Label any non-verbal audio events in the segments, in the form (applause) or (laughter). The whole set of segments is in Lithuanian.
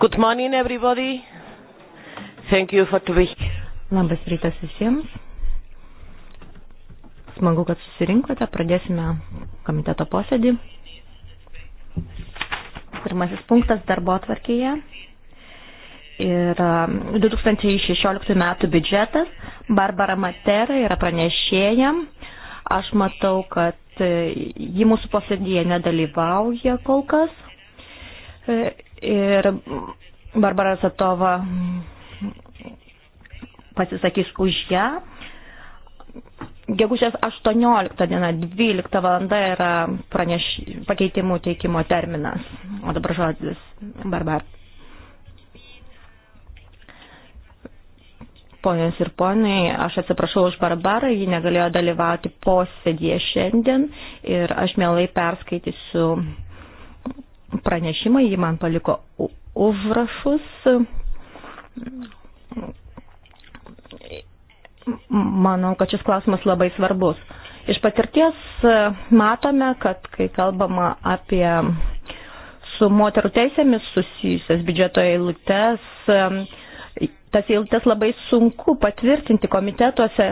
Good morning everybody. Thank you for to be here. Labas rytas visiems. Smagu, kad susirinkote. Pradėsime komiteto posėdį. Pirmasis punktas darbo atvarkėje. Ir 2016 metų biudžetas. Barbara Matera yra pranešėja. Aš matau, kad ji mūsų posėdėje nedalyvauja kol kas ir Barbara Satova pasisakys už ją. Gegužės 18 diena 12 valanda yra praneš, pakeitimų teikimo terminas. O dabar žodis Barbar. Ponios ir ponai, aš atsiprašau už Barbarą, ji negalėjo dalyvauti posėdėje šiandien ir aš mielai perskaitysiu pranešimą, ji man paliko užrašus. Manau, kad šis klausimas labai svarbus. Iš patirties e, matome, kad kai kalbama apie su moterų teisėmis susijusias biudžeto eilutes, e, tas eilutes labai sunku patvirtinti komitetuose,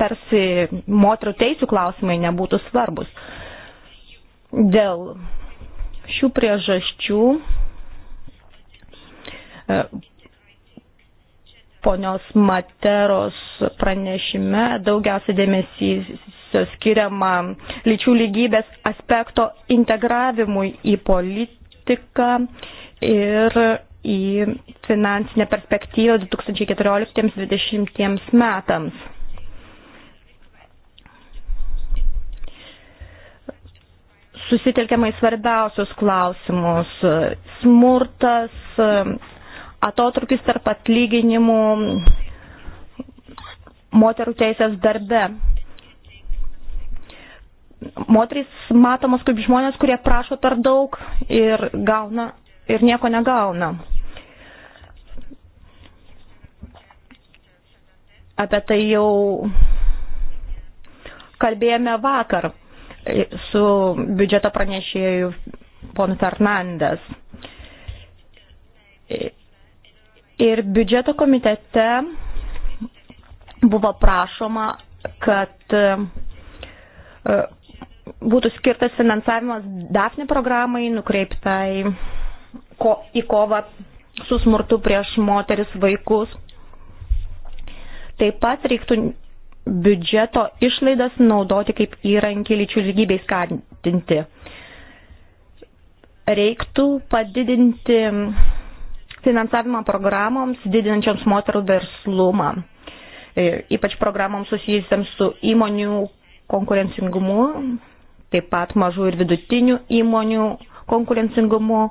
tarsi moterų teisų klausimai nebūtų svarbus. Dėl Šių priežasčių e, ponios Materos pranešime daugiausia dėmesys skiriama lyčių lygybės aspekto integravimui į politiką ir į finansinę perspektyvą 2014-2020 metams. susitelkiama į svarbiausius klausimus - smurtas, atotrukis tarp atlyginimų, moterų teisės darbe. Moterys matomos kaip žmonės, kurie prašo per daug ir gauna ir nieko negauna. Apie tai jau kalbėjome vakar su biudžeto pranešėju pon Fernandes. Ir biudžeto komitete buvo prašoma, kad e, būtų skirtas finansavimas DAFNE programai nukreiptai ko, į kovą su smurtu prieš moteris vaikus. Taip pat reiktų biudžeto išlaidas naudoti kaip įrankį lyčių lygybei skatinti. Reiktų padidinti finansavimą programoms didinančioms moterų verslumą, e, ypač programoms susijusiams su įmonių konkurencingumu, taip pat mažų ir vidutinių įmonių konkurencingumu.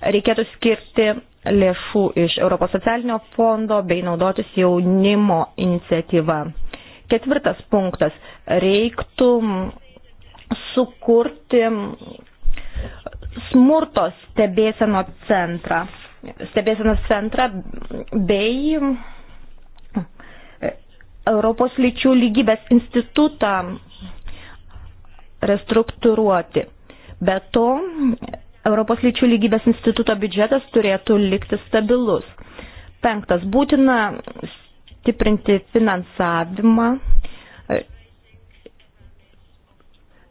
Reikėtų skirti lėšų iš Europos socialinio fondo bei naudotis jaunimo iniciatyva. Ketvirtas punktas. Reiktų sukurti smurto stebėseno centrą. Stebėsenos centrą bei e, Europos lyčių lygybės institutą restruktūruoti. Be to, Europos lyčių lygybės instituto biudžetas turėtų likti stabilus. Penktas, būtina stiprinti finansavimą e,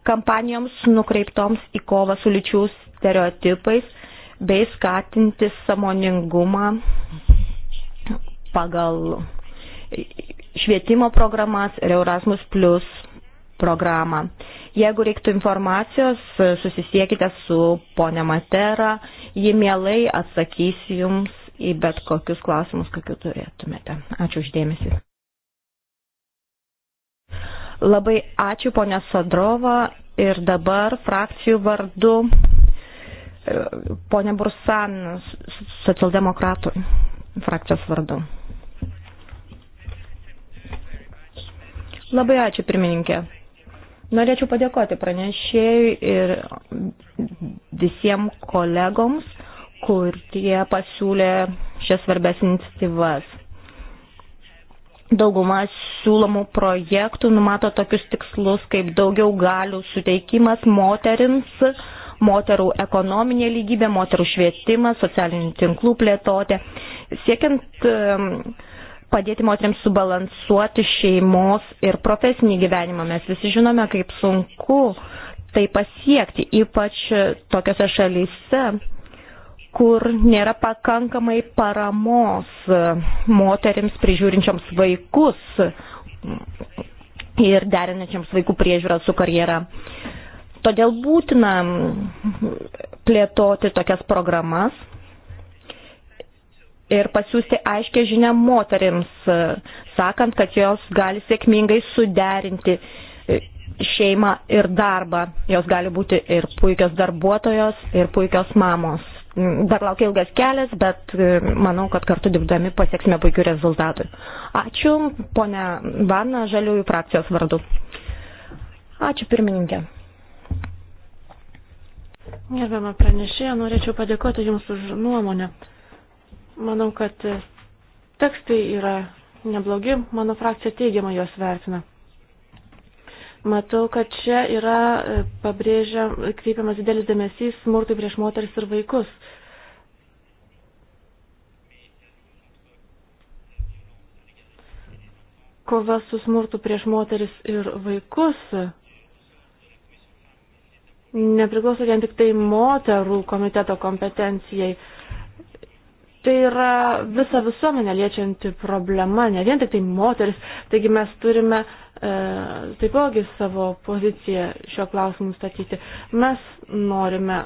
kampanijoms nukreiptoms į kovą su lyčių stereotipais bei skatinti samoningumą pagal švietimo programas ir Erasmus Plus programą. Jeigu reiktų informacijos, susisiekite su ponia Matera, ji mielai atsakys jums į bet kokius klausimus, kokiu turėtumėte. Ačiū uždėmesi. Labai ačiū ponė Sadrova ir dabar frakcijų vardu e, ponė Bursan socialdemokratų frakcijos vardu. Labai ačiū pirmininkė. Norėčiau padėkoti pranešėjui ir visiems kolegoms kurie pasiūlė šias svarbės iniciatyvas. Dauguma siūlomų projektų numato tokius tikslus kaip daugiau galių suteikimas moterims, moterų ekonominė lygybė, moterų švietimas, socialinių tinklų plėtotė. Siekiant padėti moteriams subalansuoti šeimos ir profesinį gyvenimą, mes visi žinome, kaip sunku tai pasiekti, ypač tokiose šalyse, kur nėra pakankamai paramos e, moteriams prižiūrinčiams vaikus ir derinačiams vaikų priežiūrą su karjera. Todėl būtina plėtoti tokias programas ir pasiūsti aiškę žinę moteriams, e, sakant, kad jos gali sėkmingai suderinti e, šeimą ir darbą. Jos gali būti ir puikios darbuotojos, ir puikios mamos. Dar laukia ilgas kelias, bet e, manau, kad kartu dirbdami pasieksime puikių rezultatų. Ačiū, ponia Vana, Žaliųjų frakcijos vardu. Ačiū, pirmininkė. Gerbiamą pranešėją, norėčiau padėkoti Jums už nuomonę. Manau, kad tekstai yra neblogi, mano frakcija teigiamai juos vertina. Matau, kad čia yra e, pabrėžia, kreipiamas didelis dėmesys smurtui prieš moteris ir vaikus. kova su smurtu prieš moteris ir vaikus nepriklauso vien tik tai moterų komiteto kompetencijai. Tai yra visa visuomenė liečianti problema, ne vien tik tai moteris. Taigi mes turime e, taipogi savo poziciją šio klausimu statyti. Mes norime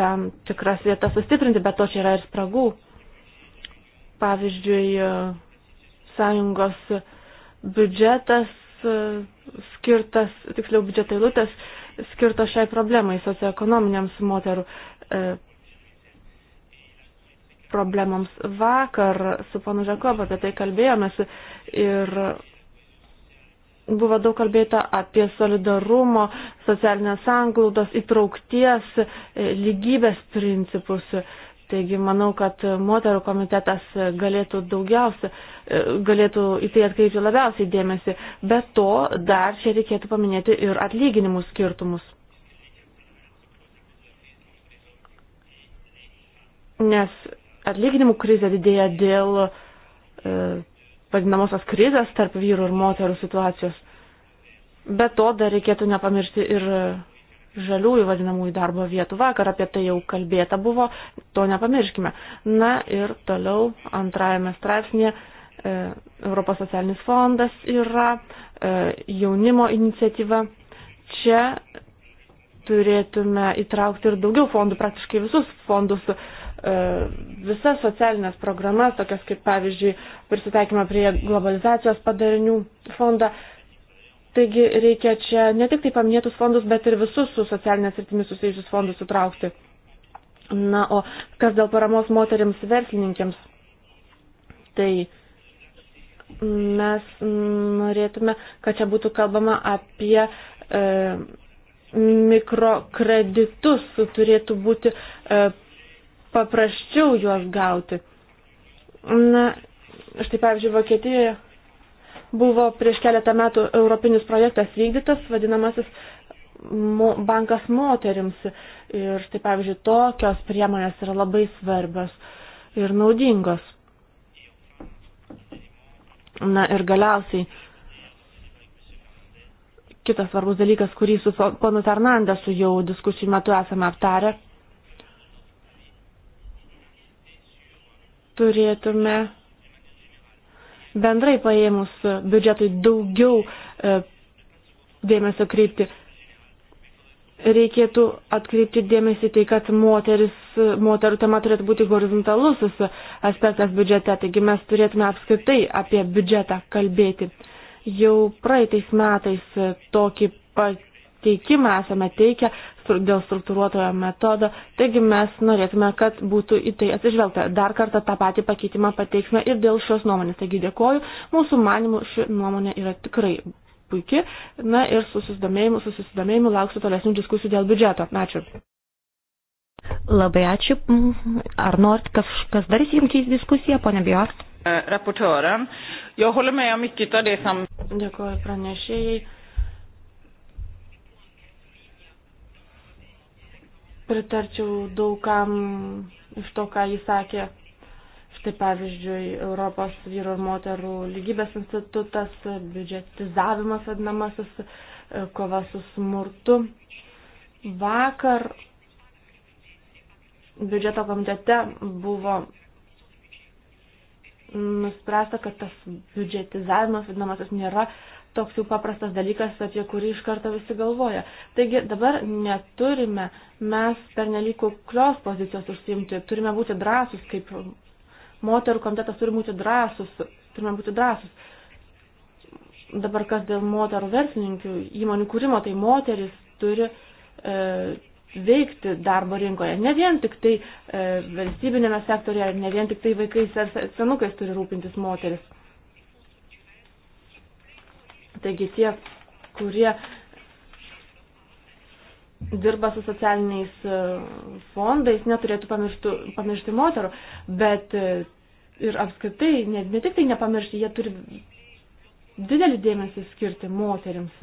tam tikras vietas sustiprinti, bet to čia yra ir spragų. Pavyzdžiui, e, sąjungos e, biudžetas e, skirtas, tiksliau biudžeto eilutės skirtos šiai problemai, socioekonominiams moterų e, problemams. Vakar su panu Žakobu apie tai kalbėjomės ir buvo daug kalbėta apie solidarumo, socialinės sanglaudos, įtraukties, e, lygybės principus. Taigi manau, kad moterų komitetas galėtų daugiausia galėtų į tai atkreipti labiausiai dėmesį. Be to, dar čia reikėtų paminėti ir atlyginimų skirtumus. Nes atlyginimų krizė didėja dėl e, vadinamosios krizės tarp vyrų ir moterų situacijos. Be to, dar reikėtų nepamiršti ir žaliųjų vadinamųjų darbo vietų. Vakar apie tai jau kalbėta buvo, to nepamirškime. Na ir toliau antrajame straipsnėje E, Europos socialinis fondas yra, e, jaunimo iniciatyva. Čia turėtume įtraukti ir daugiau fondų, praktiškai visus fondus, e, visas socialinės programas, tokias kaip pavyzdžiui prisitaikymą prie globalizacijos padarinių fondą. Taigi reikia čia ne tik tai paminėtus fondus, bet ir visus su socialinės rytimis susijusius fondus sutraukti. Na, o kas dėl paramos moteriams verslininkėms, tai mes norėtume, kad čia būtų kalbama apie e, mikrokreditus, turėtų būti e, paprasčiau juos gauti. Na, štai pavyzdžiui, Vokietijoje buvo prieš keletą metų europinis projektas vykdytas, vadinamasis mo, bankas moterims. Ir štai pavyzdžiui, tokios priemonės yra labai svarbios ir naudingos. Na ir galiausiai kitas svarbus dalykas, kurį su ponu Fernandesu jau diskusijų metu esame aptarę. Turėtume bendrai paėmus biudžetui daugiau e, dėmesio kreipti. Reikėtų atkreipti dėmesį tai, kad moteris moterų tema turėtų būti horizontalus aspektas biudžete, taigi mes turėtume apskritai apie biudžetą kalbėti. Jau praeitais metais tokį pateikimą esame teikę dėl struktūruotojo metodo, taigi mes norėtume, kad būtų į tai atsižvelgta. Dar kartą tą patį pakeitimą pateiksime ir dėl šios nuomonės. Taigi dėkoju, mūsų manimų ši nuomonė yra tikrai puikia. Na ir susidomėjimu, susidomėjimu lauksiu tolesnių diskusijų dėl biudžeto. Ačiū. Labai ačiū. Ar norit kažkas dar įsijungti į diskusiją, ponia Bjork? Eh, Raportören. Jag håller med om mycket av det som... Dėkuoju pranešėjai. Pritarčiau daugam iš to, ką jis sakė. Štai pavyzdžiui, Europos vyro ir moterų lygybės institutas, biudžetizavimas vadinamasis, e, kova su smurtu. Vakar biudžeto komitete buvo nuspręsta, kad tas biudžetizavimas vadinamasis nėra toks jau paprastas dalykas, apie kurį iš karto visi galvoja. Taigi dabar neturime mes pernelyg kuklios pozicijos užsimti, turime būti drąsus, kaip moterų komitetas turi būti drąsus, turime būti drąsus. Dabar kas dėl moterų verslininkų įmonių kūrimo, tai moteris turi e, veikti darbo rinkoje. Ne vien tik tai e, valstybinėme sektorėje, ne vien tik tai vaikais ar senukais turi rūpintis moteris. Taigi tie, kurie dirba su socialiniais e, fondais, neturėtų pamirštų, pamiršti moterų, bet e, ir apskritai, ne, ne tik tai nepamiršti, jie turi didelį dėmesį skirti moteriams.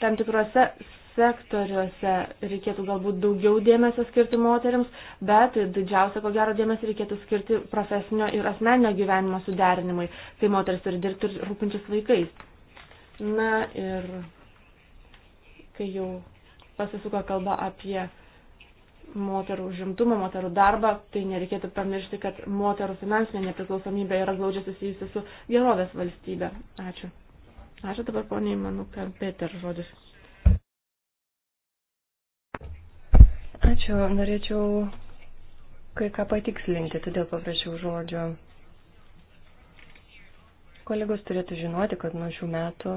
Tam tikrose sektoriuose reikėtų galbūt daugiau dėmesio skirti moteriams, bet didžiausia, ko gero, dėmesio reikėtų skirti profesinio ir asmeninio gyvenimo suderinimui, kai moteris turi dirbti ir rūpintis vaikais. Na ir kai jau pasisuka kalba apie moterų žimtumą, moterų darbą, tai nereikėtų pamiršti, kad moterų finansinė nepriklausomybė yra glaudžiai susijusi su gerovės valstybė. Ačiū. Ačiū dabar poniai, manau, kad Peter žodis. Ačiū. Norėčiau kai ką patikslinti, todėl paprašiau žodžio. Kolegos turėtų žinoti, kad nuo šių metų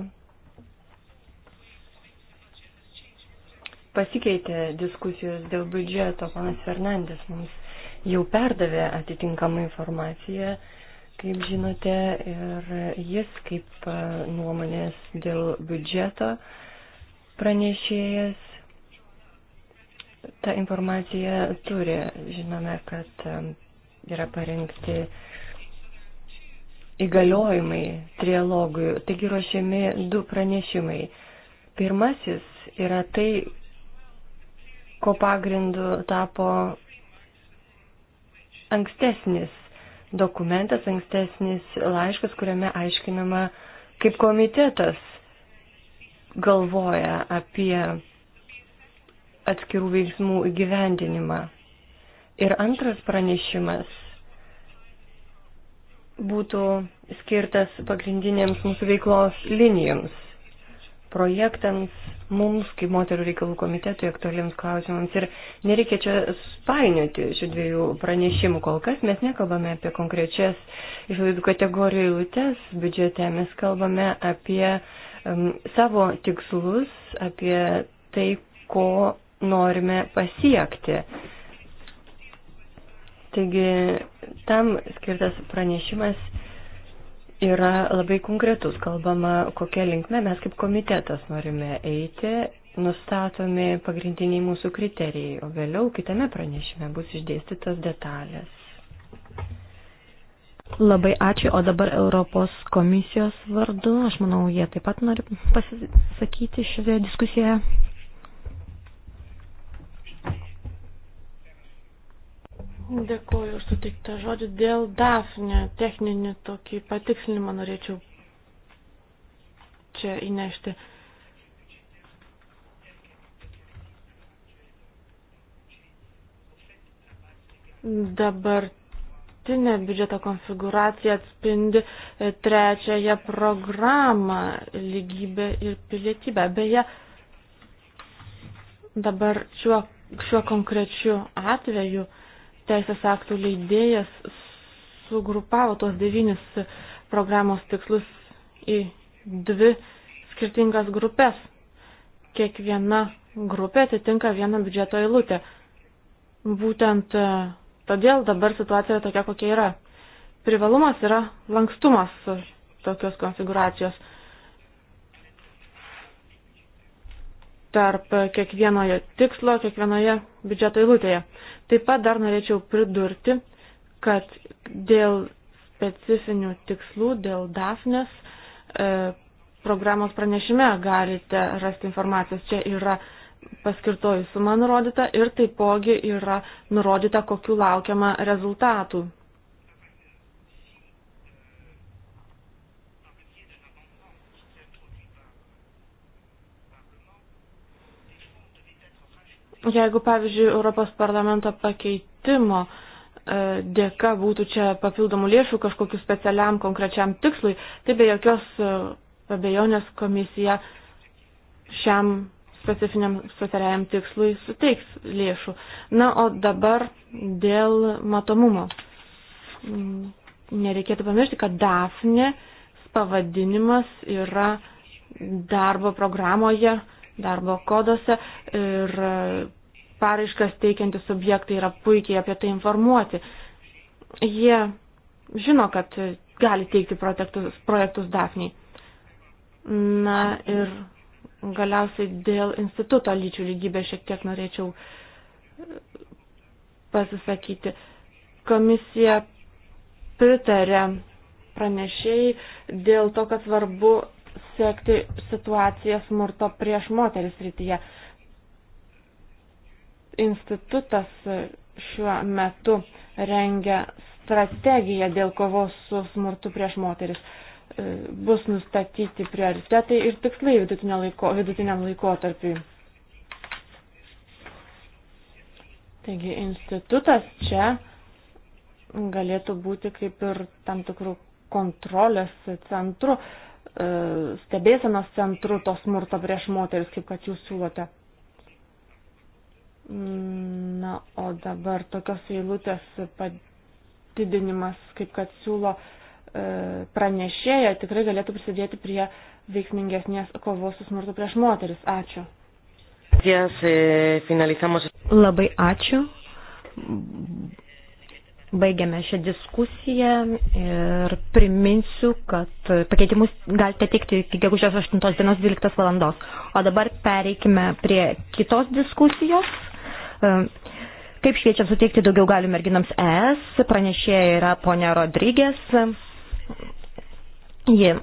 pasikeitė diskusijos dėl biudžeto. Panas Fernandės mums jau perdavė atitinkamą informaciją, kaip žinote, ir jis kaip nuomonės dėl biudžeto pranešėjas tą informaciją turi. Žinome, kad yra parengti įgaliojimai trialogui. Taigi ruošiami du pranešimai. Pirmasis yra tai, ko pagrindu tapo ankstesnis dokumentas, ankstesnis laiškas, kuriame aiškinama, kaip komitetas galvoja apie atskirų veiksmų įgyvendinimą. Ir antras pranešimas būtų skirtas pagrindinėms mūsų veiklos linijoms, projektams, mums kaip moterų reikalų komitetui aktualiems klausimams. Ir nereikia čia spainioti šių dviejų pranešimų kol kas. Mes nekalbame apie konkrečias išlaidų kategorijų eilutes biudžete, mes kalbame apie um, savo tikslus, apie tai, ko norime pasiekti. Taigi tam skirtas pranešimas yra labai konkretus, kalbama, kokia linkme mes kaip komitetas norime eiti, nustatomi pagrindiniai mūsų kriterijai, o vėliau kitame pranešime bus išdėstytas detalės. Labai ačiū, o dabar Europos komisijos vardu, aš manau, jie taip pat nori pasisakyti šioje diskusijoje. Dėkuoju už sutiktą žodį. Dėl DAFNE techninį tokį patikslinimą norėčiau čia įnešti. Dabartinė biudžeto konfiguracija atspindi e, trečiąją programą lygybę ir pilietybę. Beje, dabar šiuo, šiuo konkrečiu atveju teisės aktų leidėjas sugrupavo tuos devynis programos tikslus į dvi skirtingas grupės. Kiekviena grupė atitinka vieną biudžeto eilutę. Būtent e, todėl dabar situacija yra tokia, kokia yra. Privalumas yra lankstumas tokios konfiguracijos. tarp kiekvienoje tikslo, kiekvienoje biudžeto eilutėje. Taip pat dar norėčiau pridurti, kad dėl specifinių tikslų, dėl DAFNES e, programos pranešime galite rasti informacijos. Čia yra paskirtoji suma nurodyta ir taipogi yra nurodyta, kokiu laukiama rezultatų Jeigu, pavyzdžiui, Europos parlamento pakeitimo e, dėka būtų čia papildomų lėšų kažkokiu specialiam konkrečiam tikslui, tai be jokios e, abejonės komisija šiam specifiniam specialiam tikslui suteiks lėšų. Na, o dabar dėl matomumo. Mm, nereikėtų pamiršti, kad DAFNE pavadinimas yra darbo programoje darbo kodose ir e, paraiškas teikiantys subjektai yra puikiai apie tai informuoti. Jie žino, kad gali teikti projektus, projektus Dafniai. Na ir galiausiai dėl instituto lyčių lygybės šiek tiek norėčiau e, pasisakyti. Komisija pritarė pranešėjai dėl to, kad svarbu sekti situaciją smurto prieš moteris rytyje. Institutas šiuo metu rengia strategiją dėl kovos su smurtu prieš moteris. E, bus nustatyti prioritetai ir tikslai laiko, vidutiniam laikotarpiui. Taigi institutas čia galėtų būti kaip ir tam tikrų kontrolės centrų, E, stebėsenos centru to smurto prieš moteris, kaip kad jūs siūlote. Na, o dabar tokios eilutės padidinimas, kaip kad siūlo e, pranešėja, tikrai galėtų prisidėti prie veiksmingesnės kovos su smurtu prieš moteris. Ačiū. Eh, Labai ačiū. Baigiame šią diskusiją ir priminsiu, kad pakeitimus galite teikti iki gegužės 8 dienos 12 valandos. O dabar pereikime prie kitos diskusijos. E, kaip šviečiam suteikti daugiau galių merginams ES, pranešėja yra ponia Rodrygės. Ji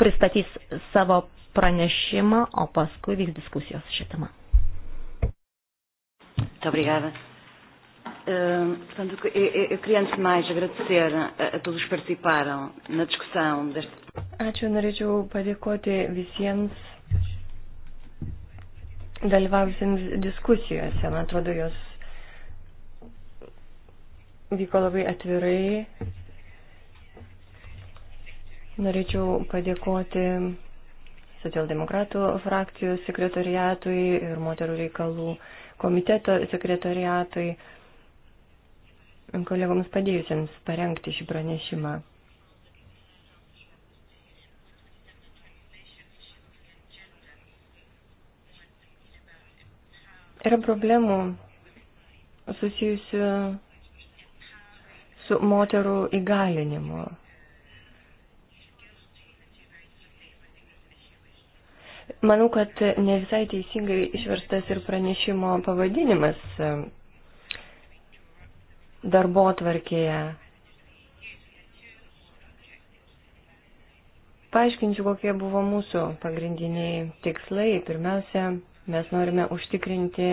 pristatys savo pranešimą, o paskui vyks diskusijos šitama. Obrigada. Ehm, portanto, eu queria antes de mais agradecer a, a todos que participaram na discussão deste. Ačiū, norėčiau padėkoti visiems dalyvavusiems diskusijose. Man atrodo, jos vyko labai atvirai. Norėčiau padėkoti socialdemokratų frakcijų sekretariatui ir moterų reikalų komiteto sekretariatui kolegoms padėjusiems parengti šį pranešimą. Yra problemų susijusių su moterų įgalinimu. Manau, kad ne visai teisingai išverstas ir pranešimo pavadinimas darbo tvarkėje. Paaiškinsiu, kokie buvo mūsų pagrindiniai tikslai. Pirmiausia, mes norime užtikrinti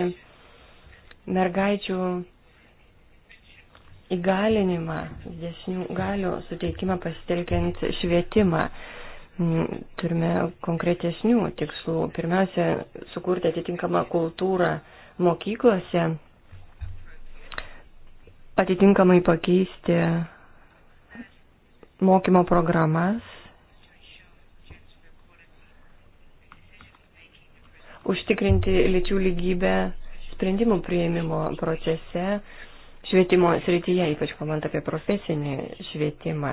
mergaičių įgalinimą, didesnių galių suteikimą pasitelkiant švietimą. Turime konkretesnių tikslų. Pirmiausia, sukurti atitinkamą kultūrą mokyklose atitinkamai pakeisti mokymo programas, užtikrinti lyčių lygybę sprendimų prieimimo procese, švietimo srityje, ypač kalbant apie profesinį švietimą.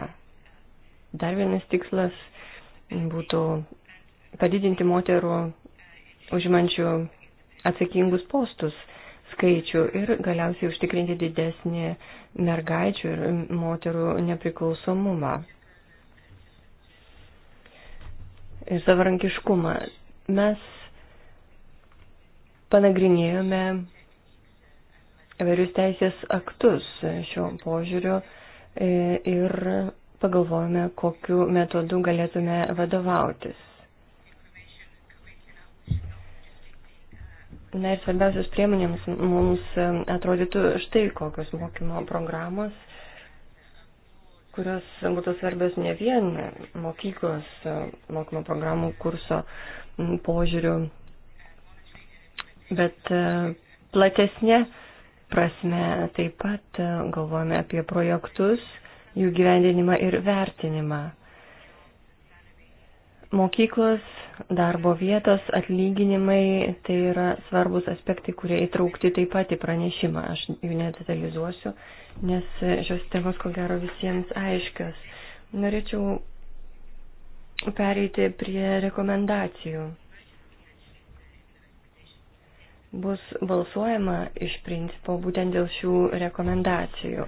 Dar vienas tikslas būtų padidinti moterų užimančių atsakingus postus skaičių ir galiausiai užtikrinti didesnį mergaičių ir moterų nepriklausomumą ir savarankiškumą. Mes panagrinėjome įvairius teisės aktus šio požiūriu e, ir pagalvojame, kokiu metodu galėtume vadovautis. Na ir svarbiausios priemonėms mums e, atrodytų štai kokios mokymo programos, kurios būtų svarbios ne vien mokyklos e, mokymo programų kurso požiūrių, bet e, platesnė prasme taip pat galvojame apie projektus, jų gyvendinimą ir vertinimą. Mokyklos, darbo vietos, atlyginimai tai yra svarbus aspektai, kurie įtraukti taip pat į pranešimą. Aš jų nedetalizuosiu, nes šios temos ko gero visiems aiškios. Norėčiau pereiti prie rekomendacijų. Bus balsuojama iš principo būtent dėl šių rekomendacijų.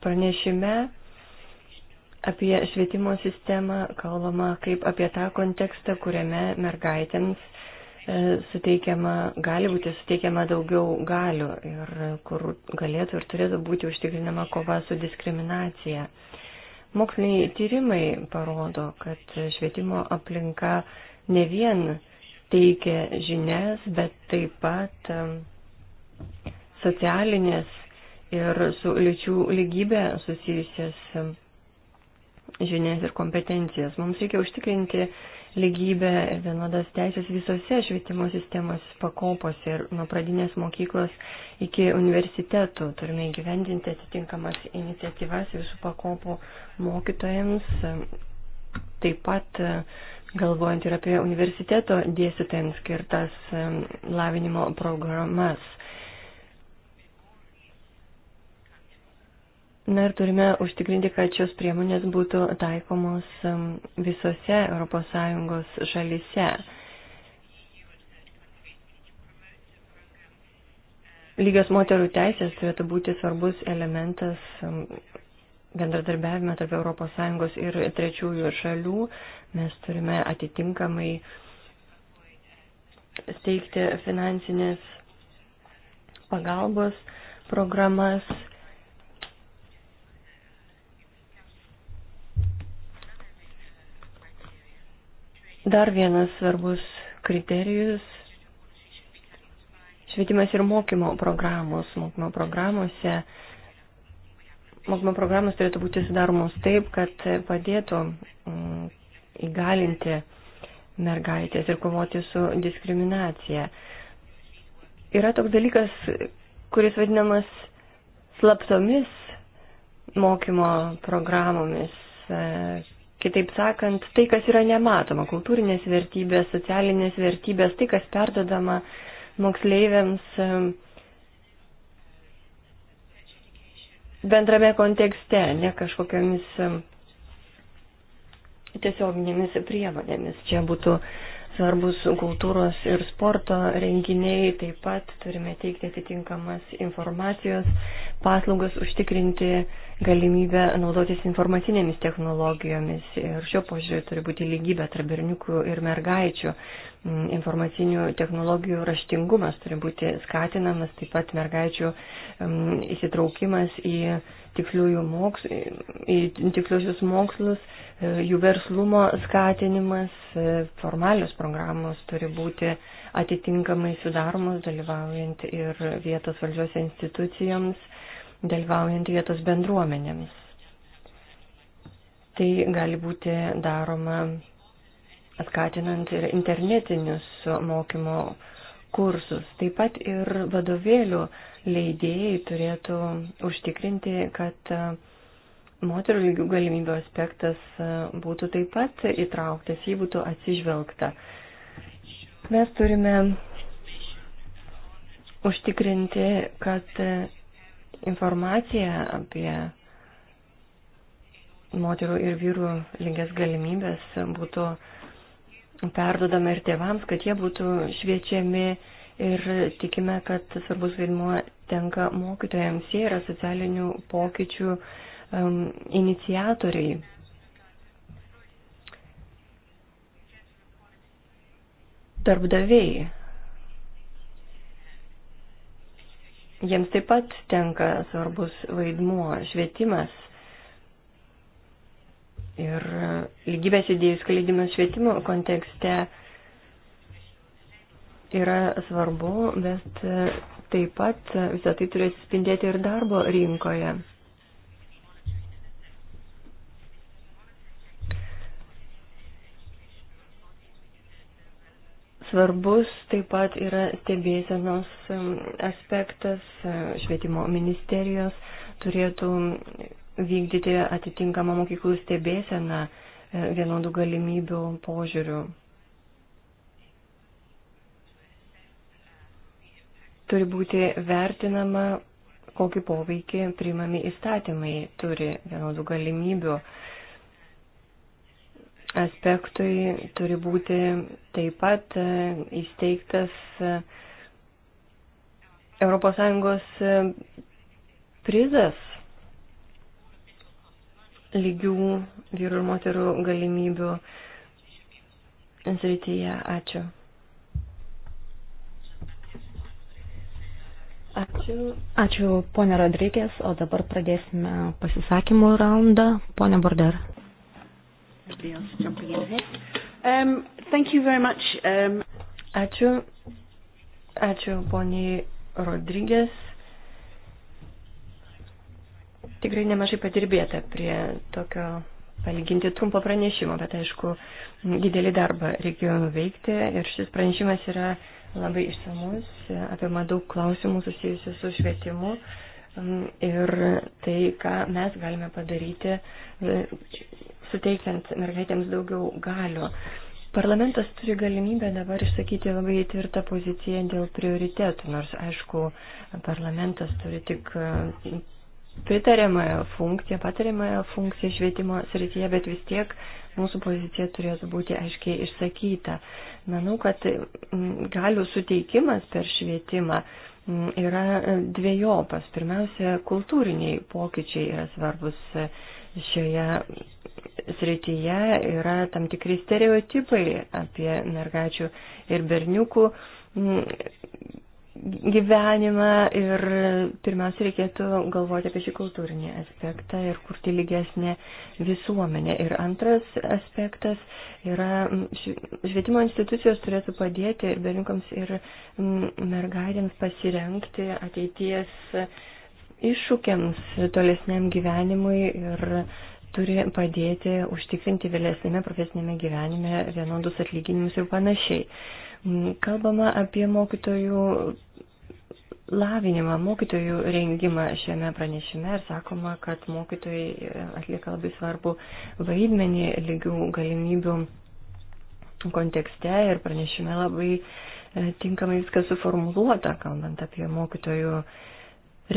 Pranešime Apie švietimo sistemą kalbama kaip apie tą kontekstą, kuriame mergaitėms e, suteikiama, gali būti suteikiama daugiau galių ir kur galėtų ir turėtų būti užtikrinama kova su diskriminacija. Moksliniai tyrimai parodo, kad švietimo aplinka ne vien teikia žinias, bet taip pat e, socialinės ir su lyčių lygybė susijusias e, žinias ir kompetencijas. Mums reikia užtikrinti lygybę ir vienodas teisės visose švietimo sistemos pakopose ir nuo pradinės mokyklos iki universitetų. Turime įgyvendinti atitinkamas iniciatyvas visų pakopų mokytojams, taip pat galvojant ir apie universiteto dėstytojams skirtas lavinimo programas. Na ir turime užtikrinti, kad šios priemonės būtų taikomos um, visose ES šalise. Lygios moterų teisės turėtų būti svarbus elementas um, bendradarbiavime tarp ES ir trečiųjų šalių. Mes turime atitinkamai steigti finansinės pagalbos programas Dar vienas svarbus kriterijus - švietimas ir mokymo programos. Mokymo programuose mokymo programos turėtų būti sudaromos taip, kad padėtų mm, įgalinti mergaitės ir kovoti su diskriminacija. Yra toks dalykas, kuris vadinamas slaptomis mokymo programomis, Kitaip sakant, tai, kas yra nematoma, kultūrinės vertybės, socialinės vertybės, tai, kas perdodama moksleiviams bendrame kontekste, ne kažkokiamis tiesioginėmis priemonėmis. Čia būtų uh, svarbus kultūros ir sporto renginiai, taip pat turime teikti atitinkamas informacijos paslaugas, užtikrinti galimybę naudotis informacinėmis technologijomis. Ir šio požiūrį turi būti lygybė tarp berniukų ir mergaičių. Mm, informacinių technologijų raštingumas turi būti skatinamas, taip pat mergaičių mm, įsitraukimas į moks, į tiksliuosius mokslus, e, jų verslumo skatinimas, e, formalios programos turi būti atitinkamai sudaromos, dalyvaujant ir vietos valdžios institucijoms, dalyvaujant vietos bendruomenėms. Tai gali būti daroma atskatinant ir internetinius mokymo kursus, taip pat ir vadovėlių leidėjai turėtų užtikrinti, kad e, moterų lygių galimybių aspektas e, būtų taip pat įtrauktas, jį būtų atsižvelgta. Mes turime užtikrinti, kad e, informacija apie moterų ir vyrų lygias galimybės būtų perdodama ir tėvams, kad jie būtų šviečiami ir tikime, kad svarbus vaidmuo tenka mokytojams. Jie yra socialinių pokyčių um, inicijatoriai. Darbdaviai. Jiems taip pat tenka svarbus vaidmuo švietimas ir lygybės idėjų skleidimas švietimo kontekste yra svarbu, bet taip pat visą tai turi atsispindėti ir darbo rinkoje. Svarbus taip pat yra stebėsenos aspektas. Švietimo ministerijos turėtų vykdyti atitinkamą mokyklų stebėseną vienodų galimybių požiūrių. turi būti vertinama, kokį poveikį priimami įstatymai turi vienodų galimybių. Aspektui turi būti taip pat e, įsteigtas ES e, prizas lygių vyrų ir moterų galimybių srityje. Ačiū. Ačiū. Ačiū, ponė Rodrygės, o dabar pradėsime pasisakymų raundą. Pone Border. Um, um... Ačiū. Ačiū, poniai Rodrygės. Tikrai nemažai padirbėta prie tokio palyginti trumpo pranešimo, bet aišku, didelį darbą reikėjo nuveikti ir šis pranešimas yra uh, labai išsamus, apima daug klausimų susijusių su švietimu mm, ir tai, ką mes galime padaryti, e, suteikiant mergaitėms daugiau galių. Parlamentas turi galimybę dabar išsakyti labai tvirtą poziciją dėl prioritėtų, nors aišku, parlamentas turi tik e, pritariamąją funkciją, patariamąją funkciją švietimo srityje, bet vis tiek mūsų pozicija turėtų būti aiškiai išsakyta. Manau, kad galių suteikimas per švietimą yra dviejopas. Pirmiausia, kultūriniai pokyčiai yra svarbus šioje srityje. Yra tam tikri stereotipai apie mergaičių ir berniukų gyvenimą ir pirmiausia reikėtų galvoti apie šį kultūrinį aspektą ir kurti lygesnę visuomenę. Ir antras aspektas yra švietimo institucijos turėtų padėti ir berniukams ir mergaitėms pasirenkti ateities iššūkiams tolesniam gyvenimui ir turi padėti užtikrinti vėlesnėme profesinėme gyvenime vienodus atlyginimus ir panašiai. Mm, kalbama apie mokytojų lavinimą, mokytojų rengimą šiame pranešime ir sakoma, kad mokytojai e, atlieka labai svarbu vaidmenį lygių galimybių kontekste ir pranešime labai e, tinkamai viskas suformuluota, kalbant apie mokytojų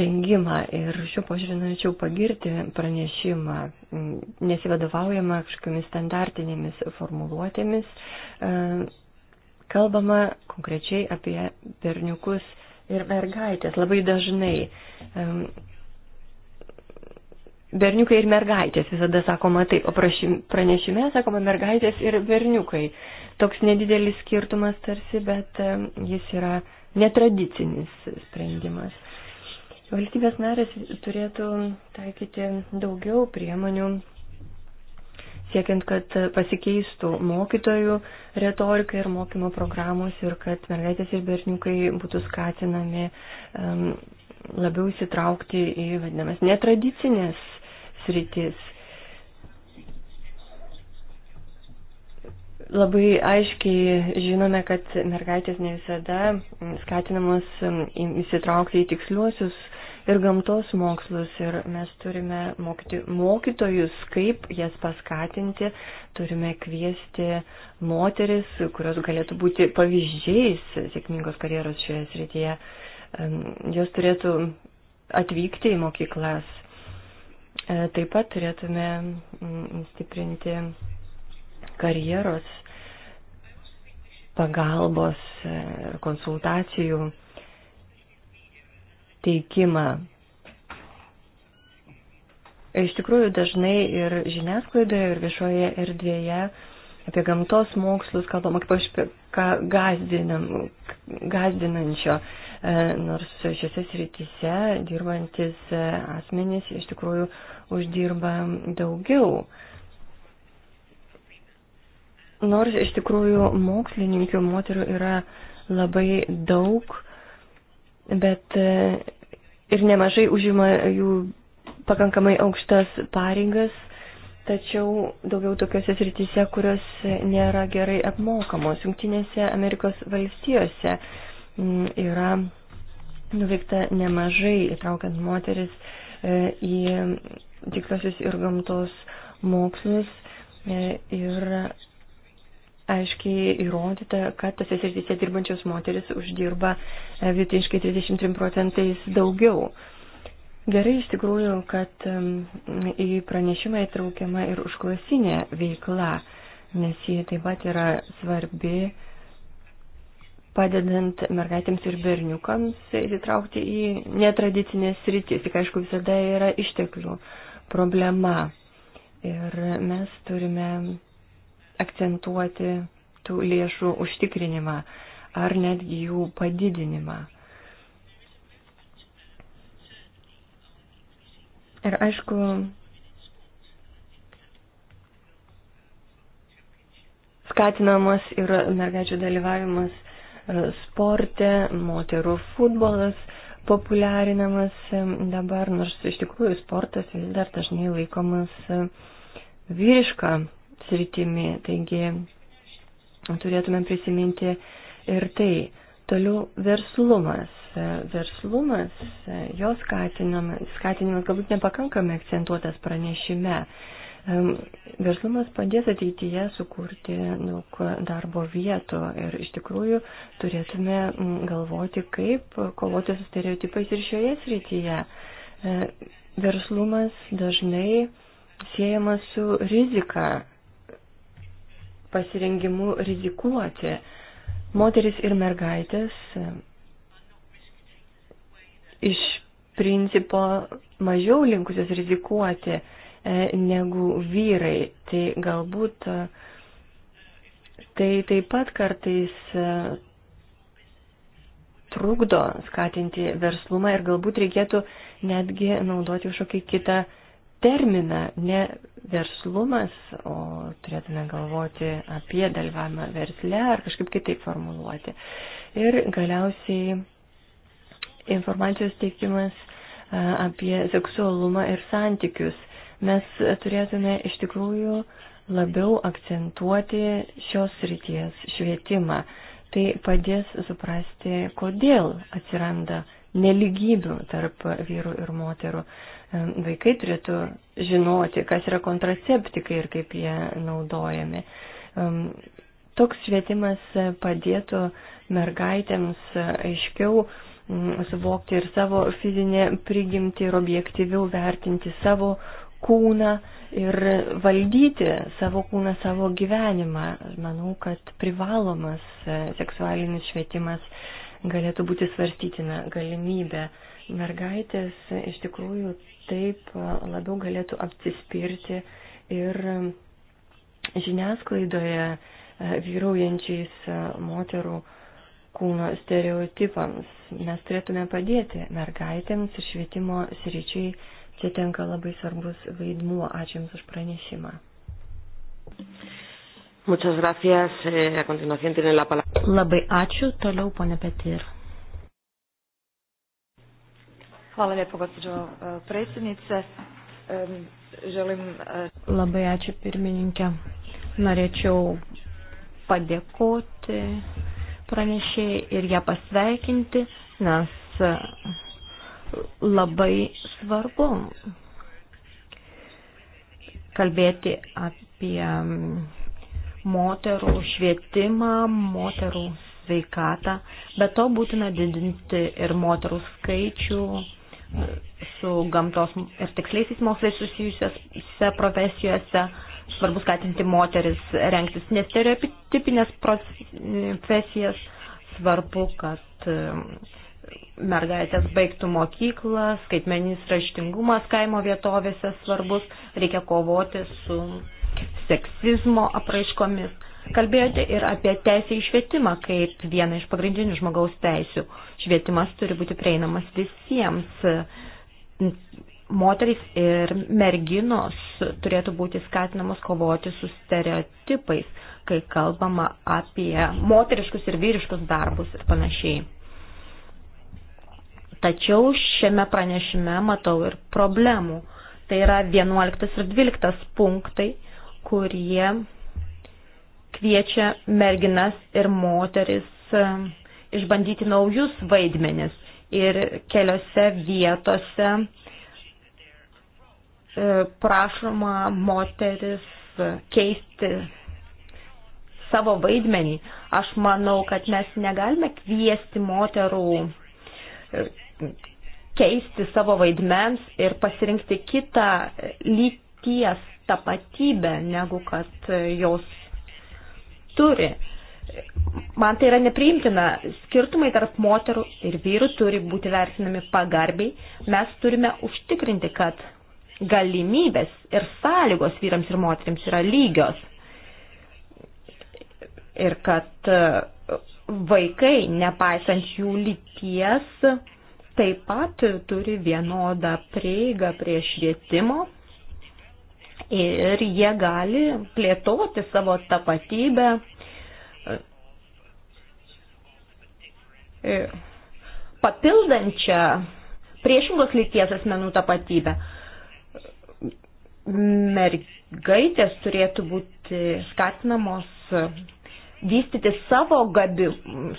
rengimą. Ir šiuo požiūriu norėčiau pagirti pranešimą, mm, nesivadovaujama kažkokiamis standartinėmis formuluotėmis e, kalbama konkrečiai apie berniukus ir mergaitės labai dažnai. Berniukai ir mergaitės visada sakoma taip, o pranešime sakoma mergaitės ir berniukai. Toks nedidelis skirtumas tarsi, bet jis yra netradicinis sprendimas. Valstybės narės turėtų taikyti daugiau priemonių siekiant, kad pasikeistų mokytojų retorika ir mokymo programos ir kad mergaitės ir berniukai būtų skatinami um, labiau įsitraukti į vadinamas netradicinės sritis. Labai aiškiai žinome, kad mergaitės ne visada skatinamos įsitraukti į tiksliuosius ir gamtos mokslus ir mes turime mokyti mokytojus, kaip jas paskatinti, turime kviesti moteris, kurios galėtų būti pavyzdžiais sėkmingos karjeros šioje srityje. Jos turėtų atvykti į mokyklas. E, taip pat turėtume stiprinti karjeros pagalbos ir e, konsultacijų teikimą. Iš tikrųjų dažnai ir žiniasklaidoje, ir viešoje erdvėje apie gamtos mokslus kalbama kaip apie ką gazdinam, gazdinančio, e, nors šiose srityse dirbantis e, asmenys iš tikrųjų uždirba daugiau. Nors iš tikrųjų mokslininkių moterų yra labai daug, bet e, ir nemažai užima jų pakankamai aukštas pareigas, tačiau daugiau tokiuose srityse, kurios nėra gerai apmokamos. Junktinėse Amerikos valstijose mm, yra nuveikta nemažai įtraukiant moteris e, į tikrosius ir gamtos mokslus e, ir aiškiai įrodyta, kad tose srityse dirbančios moteris uždirba e, vidutiniškai 33 procentais daugiau. Gerai iš tikrųjų, kad į pranešimą įtraukiama ir užklasinė veikla, nes jie taip pat yra svarbi padedant mergaitėms ir berniukams įsitraukti į netradicinės sritis. Tik aišku, visada yra išteklių problema. Ir mes turime akcentuoti tų lėšų užtikrinimą ar netgi jų padidinimą. Ir aišku, skatinamas yra mergaičių dalyvavimas e, sporte, moterų futbolas populiarinamas e, dabar, nors iš tikrųjų sportas vis dar dažnai laikomas e, vyrišką sritimi. Taigi turėtumėm prisiminti ir tai. Toliau verslumas. Verslumas, jo skatinimas, skatinimas galbūt nepakankamai akcentuotas pranešime. Verslumas padės ateityje sukurti daug darbo vietų ir iš tikrųjų turėtume galvoti, kaip kovoti su stereotipais ir šioje srityje. Verslumas dažnai siejamas su rizika pasirengimu rizikuoti. Moteris ir mergaitės iš principo mažiau linkusios rizikuoti e, negu vyrai. Tai galbūt e, tai taip pat kartais e, trukdo skatinti verslumą ir galbūt reikėtų netgi naudoti kažkokį kitą terminą ne verslumas, o turėtume galvoti apie dalyvavimą versle ar kažkaip kitaip formuluoti. Ir galiausiai informacijos teikimas apie seksualumą ir santykius. Mes turėtume iš tikrųjų labiau akcentuoti šios ryties švietimą. Tai padės suprasti, kodėl atsiranda neligybių tarp vyrų ir moterų. E, vaikai turėtų žinoti, kas yra kontraceptikai ir kaip jie naudojami. E, toks švietimas padėtų mergaitėms aiškiau suvokti ir savo fizinę prigimtį ir objektyviau vertinti savo kūną ir valdyti savo kūną, savo gyvenimą. Manau, kad privalomas e, seksualinis švietimas galėtų būti svarstytina galimybė. Mergaitės iš tikrųjų taip labiau galėtų apsispirti ir žiniasklaidoje vyraujančiais moterų kūno stereotipams. Mes turėtume padėti mergaitėms ir švietimo sričiai. Čia tenka labai svarbus vaidmuo. Ačiū Jums už pranešimą. Muchas gracias. Eh, a continuación tiene la palabra. Labai ačiū. Toliau, ponė Petir. Hvala lijepo, gospođo e, predsjednice. Želim... E, labai ačiū pirmininkė. Norėčiau padėkoti pranešėjai ir ją pasveikinti, nes e, labai svarbu kalbėti apie moterų švietimą, moterų sveikatą, bet to būtina didinti ir moterų skaičių su gamtos ir tiksliaisiais mokslais susijusiose profesijose. Svarbu skatinti moteris renktis nestereotipinės profesijas. Svarbu, kad e, mergaitės baigtų mokyklą, skaitmeninis raštingumas kaimo vietovėse svarbus, reikia kovoti su seksizmo apraiškomis Kalbėjote ir apie teisę į švietimą kaip vieną iš pagrindinių žmogaus teisių. Švietimas turi būti prieinamas visiems. Moterys ir merginos turėtų būti skatinamos kovoti su stereotipais, kai kalbama apie moteriškus ir vyriškus darbus ir panašiai. Tačiau šiame pranešime matau ir problemų. Tai yra 11 ir 12 punktai, kurie kviečia merginas ir moteris e, išbandyti naujus vaidmenis ir keliose vietose e, prašoma moteris keisti savo vaidmenį. Aš manau, kad mes negalime kviesti moterų e, keisti savo vaidmens ir pasirinkti kitą lyties tapatybę, negu kad jos turi. Man tai yra nepriimtina. Skirtumai tarp moterų ir vyrų turi būti vertinami pagarbiai. Mes turime užtikrinti, kad galimybės ir sąlygos vyrams ir moteriams yra lygios. Ir kad e, vaikai, nepaisant jų lyties, taip pat turi vienodą prieigą prie švietimo ir jie gali plėtoti savo tapatybę. E, papildančią priešingos lyties asmenų tapatybę. Mergaitės turėtų būti skatinamos vystyti savo gabi,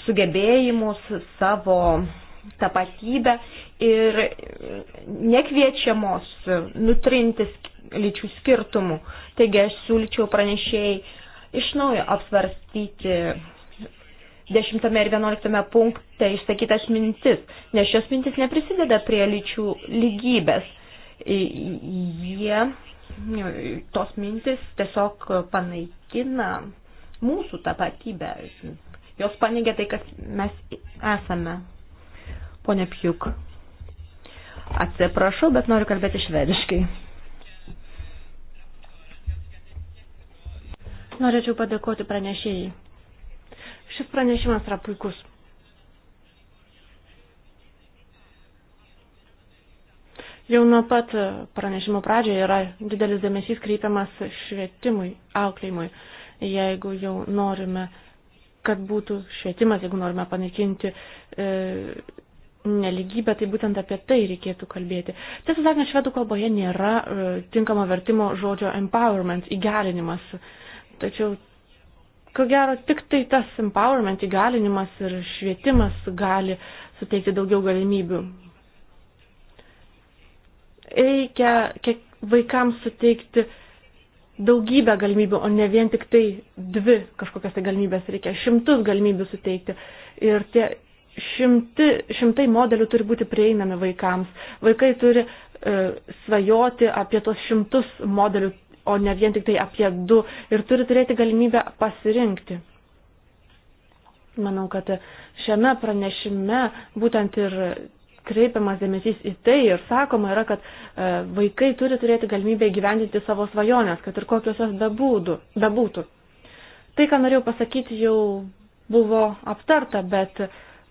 sugebėjimus, savo tapatybę ir nekviečiamos nutrintis lyčių skirtumų. Taigi aš siūlyčiau pranešėjai iš naujo apsvarstyti 10 ir 11 punkte išsakytas mintis, nes šios mintis neprisideda prie lyčių lygybės. Jie nu, tos mintis tiesiog panaikina mūsų tapatybę. Jos paneigia tai, kas mes esame. Pone Pjuk. Atsiprašau, bet noriu kalbėti švediškai. Norėčiau padėkoti pranešėjai. Šis pranešimas yra puikus. Jau nuo pat pranešimo pradžioje yra didelis dėmesys kreipiamas švietimui, auklėjimui. Jeigu jau norime, kad būtų švietimas, jeigu norime panaikinti e, neligybę, tai būtent apie tai reikėtų kalbėti. Tiesą sakant, švedų kalboje nėra e, tinkamo vertimo žodžio empowerment, įgalinimas. E, Tačiau, ko gero, tik tai tas empowerment įgalinimas ir švietimas gali suteikti daugiau galimybių. Reikia kiek vaikams suteikti daugybę galimybių, o ne vien tik tai dvi kažkokias tai galimybės reikia, šimtus galimybių suteikti. Ir tie šimti, šimtai modelių turi būti prieinami vaikams. Vaikai turi e, svajoti apie tos šimtus modelių o ne vien tik tai apie du ir turi turėti galimybę pasirinkti. Manau, kad šiame pranešime būtent ir kreipiamas dėmesys į tai ir sakoma yra, kad e, vaikai turi turėti galimybę gyvendinti savo svajonės, kad ir kokios jos bebūtų. Tai, ką norėjau pasakyti, jau buvo aptarta, bet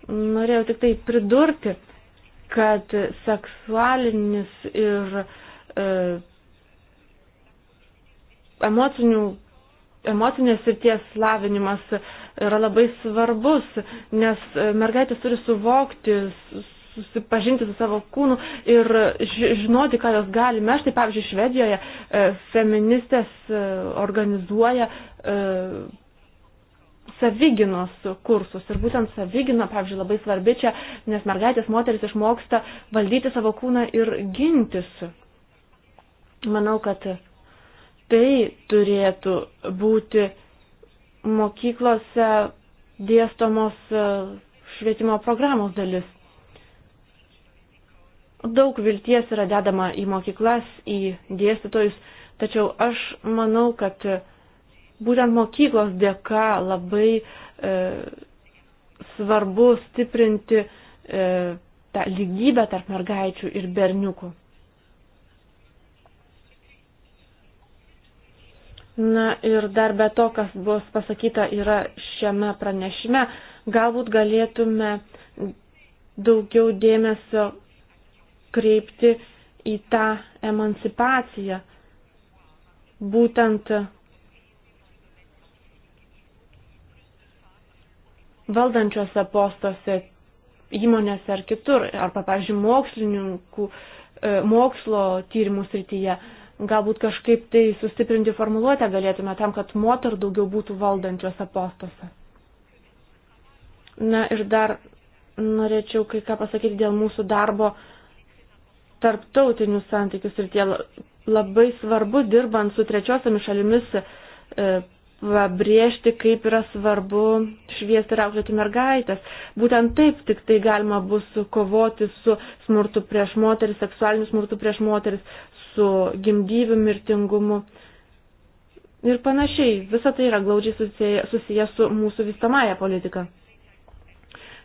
norėjau tik tai pridurti, kad seksualinis ir e, emocinių, emocinės srities lavinimas yra labai svarbus, nes e, mergaitės turi suvokti, susipažinti su savo kūnu ir žinoti, ką jos gali. Mes tai, pavyzdžiui, Švedijoje e, feministės e, organizuoja savyginos kursus. Ir būtent savygina, pavyzdžiui, labai svarbi čia, nes mergaitės moteris išmoksta valdyti savo kūną ir gintis. Manau, kad tai turėtų būti mokyklose dėstomos e, švietimo programos dalis. Daug vilties yra dedama į mokyklas, į dėstytojus, tačiau aš manau, kad būtent mokyklos dėka labai e, svarbu stiprinti e, tą lygybę tarp mergaičių ir berniukų. Na ir dar be to, kas bus pasakyta yra šiame pranešime, galbūt galėtume daugiau dėmesio kreipti į tą emancipaciją. Būtent valdančiose postuose įmonėse ar kitur, arba, pavyzdžiui, mokslininkų, e, mokslo tyrimų srityje galbūt kažkaip tai sustiprinti formuluotę galėtume tam, kad moterų daugiau būtų valdančiuose postuose. Na ir dar norėčiau kai ką pasakyti dėl mūsų darbo tarptautinių santykių srityje. Labai svarbu dirbant su trečiosiamis šalimis e, pabrėžti, kaip yra svarbu šviesti ir auklėti mergaitės. Būtent taip tik tai galima bus kovoti su smurtu prieš moteris, seksualiniu smurtu prieš moteris, su gimdyvių mirtingumu ir panašiai. Visa tai yra glaudžiai susiję, susiję su mūsų vystamąją politiką.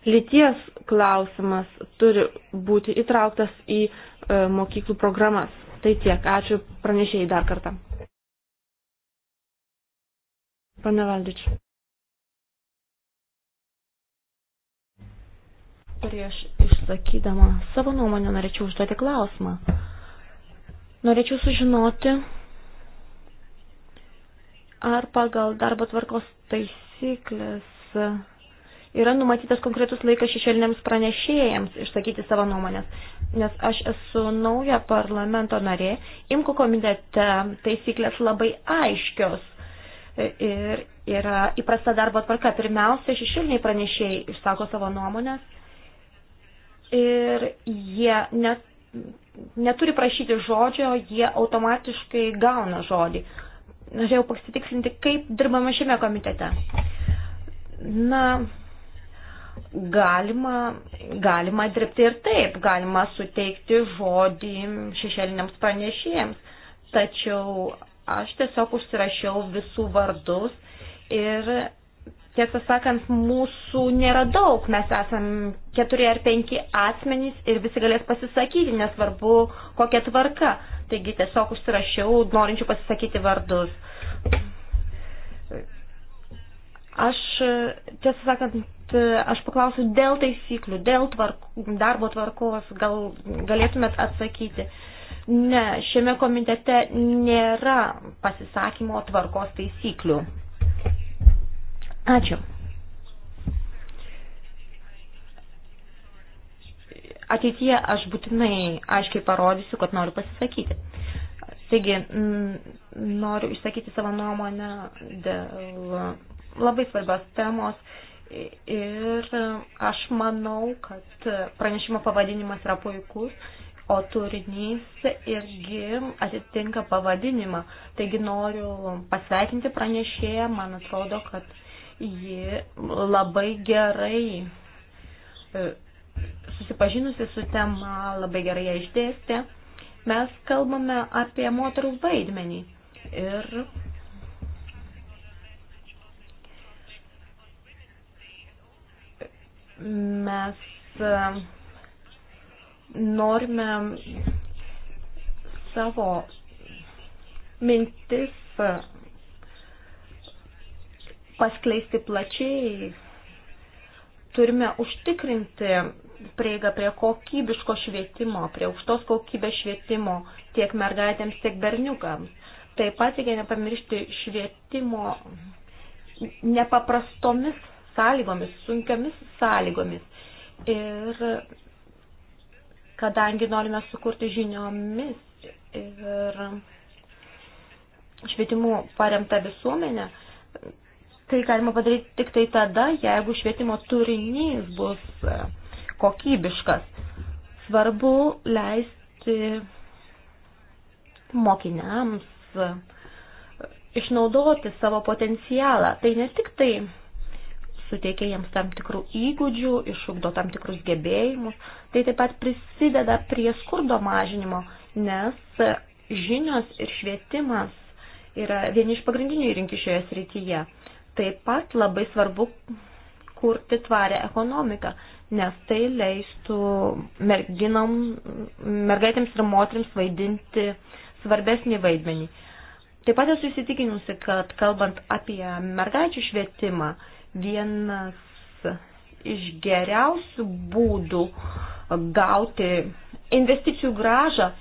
Lyties klausimas turi būti įtrauktas į e, mokyklų programas. Tai tiek. Ačiū pranešėjai dar kartą. Pane Valdič. Prieš išsakydama savo nuomonę norėčiau užduoti klausimą. Norėčiau sužinoti, ar pagal darbo tvarkos taisyklės yra numatytas konkretus laikas šešėliniams pranešėjams išsakyti savo nuomonės. Nes aš esu nauja parlamento narė, imko komitete taisyklės labai aiškios ir yra įprasta darbo tvarka. Pirmiausia, šešėliniai pranešėjai išsako savo nuomonės ir jie net neturi prašyti žodžio, jie automatiškai gauna žodį. Norėjau pasitikslinti, kaip dirbama šiame komitete. Na, galima, galima dirbti ir taip, galima suteikti žodį šešėliniams pranešėjams, tačiau aš tiesiog užsirašiau visų vardus ir Tiesą sakant, mūsų nėra daug, mes esam keturi ar penki asmenys ir visi galės pasisakyti, nesvarbu kokia tvarka. Taigi tiesiog užsirašiau norinčių pasisakyti vardus. Aš, tiesą sakant, aš paklausiu dėl taisyklių, dėl tvark, darbo tvarkos, gal galėtumėt atsakyti. Ne, šiame komitete nėra pasisakymo tvarkos taisyklių. Ačiū. Ateityje aš būtinai aiškiai parodysiu, kad noriu pasisakyti. Taigi, noriu išsakyti savo nuomonę dėl labai svarbios temos ir aš manau, kad pranešimo pavadinimas yra puikus, o turinys irgi atitinka pavadinimą. Taigi noriu pasveikinti pranešėją, man atrodo, kad ji labai gerai e, susipažinusi su tema, labai gerai ją išdėstė. Mes kalbame apie moterų vaidmenį ir mes e, norime savo mintis paskleisti plačiai. Turime užtikrinti prieigą prie kokybiško švietimo, prie aukštos kokybės švietimo tiek mergaitėms, tiek berniukams. Taip pat reikia nepamiršti švietimo nepaprastomis sąlygomis, sunkiomis sąlygomis. Ir kadangi norime sukurti žiniomis ir švietimu paremtą visuomenę, Tai galima padaryti tik tai tada, jeigu švietimo turinys bus e, kokybiškas. Svarbu leisti mokiniams e, išnaudoti savo potencialą. Tai ne tik tai suteikia jiems tam tikrų įgūdžių, išugdo tam tikrus gebėjimus, tai taip pat prisideda prie skurdo mažinimo, nes e, žinios ir švietimas yra vieni iš pagrindinių įrinkių šioje srityje. Taip pat labai svarbu kurti tvarę ekonomiką, nes tai leistų merginom, mergaitėms ir moteriams vaidinti svarbesnį vaidmenį. Taip pat esu įsitikinusi, kad kalbant apie mergaičių švietimą, vienas iš geriausių būdų gauti investicijų gražą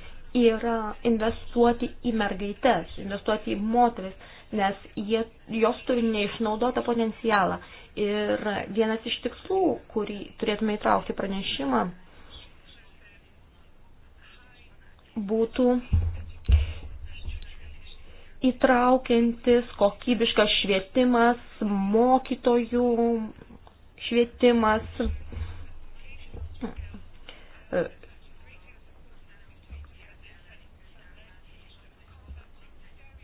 yra investuoti į mergaites, investuoti į moteris nes jie, jos turi neišnaudotą potencialą. Ir vienas iš tikslų, kurį turėtume įtraukti pranešimą, būtų įtraukiantis kokybiškas švietimas, mokytojų švietimas,